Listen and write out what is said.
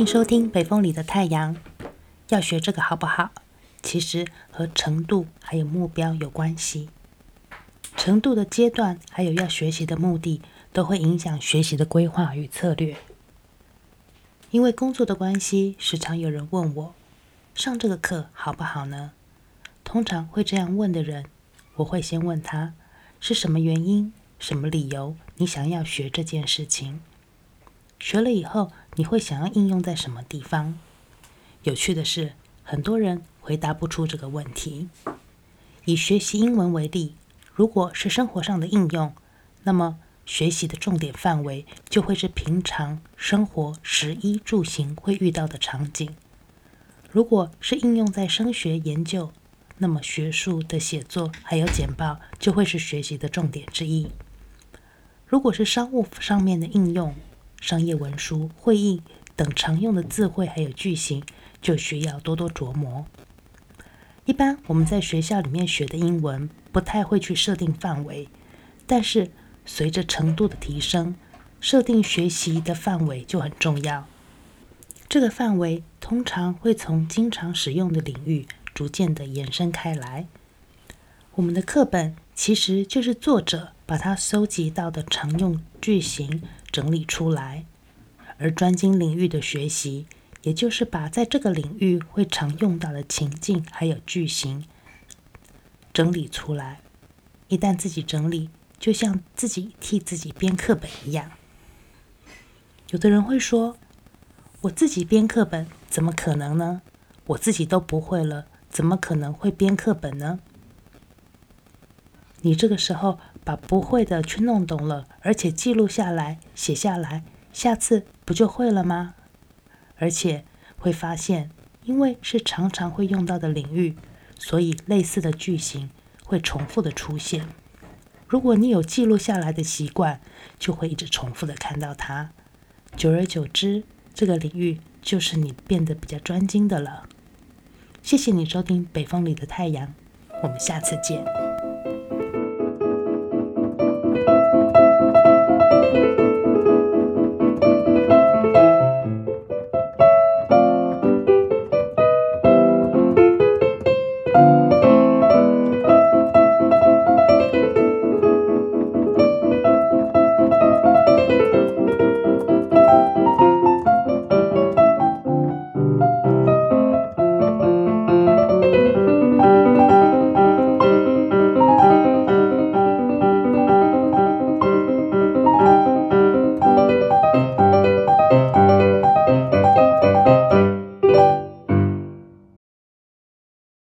歡迎收聽《北風裡的太陽》。要學這個好不好？其實和程度還有目標有關係。程度的階段，還有要學習的目的，都會影響學習的規劃與策略。因為工作的關係，時常有人問我上這個課好不好呢？通常會這樣問的人，我會先問他是什麼原因、什麼理由，你想要學這件事情。學了以後，你會想要應用在什麼地方？有趣的是，很多人回答不出這個問題。以學習英文為例，如果是生活上的應用，那麼學習的重點範圍就會是平常生活、食衣住行會遇到的場景；如果是應用在升學、研究，那麼學術的寫作還有簡報就會是學習的重點之一；如果是商務上面的應用，商業文書、會議等常用的字彙還有句型，就需要多多琢磨。一般我們在學校裡面學的英文不太會去設定範圍，但是隨着程度的提升，設定學習的範圍就很重要。這個範圍通常會從經常使用的領域逐漸的延伸開來。我們的課本其實就是作者把它收集到的常用句型。整理出來，而專精領域的學習，也就是把在這個領域會常用到的情境，還有句型整理出來。一旦自己整理，就像自己替自己編課本一樣。有的人會說：“我自己編課本怎麼可能呢？我自己都不會了，怎麼可能會編課本呢？”你這個時候。把不會的去弄懂了，而且記錄下來、寫下來，下次不就會了嗎？而且會發現，因為是常常會用到的領域，所以類似的句型會重複的出現。如果你有記錄下來的習慣，就會一直重複的看到它。久而久之，這個領域就是你變得比較專精的了。謝謝你收聽《北風裡的太陽》，我們下次見。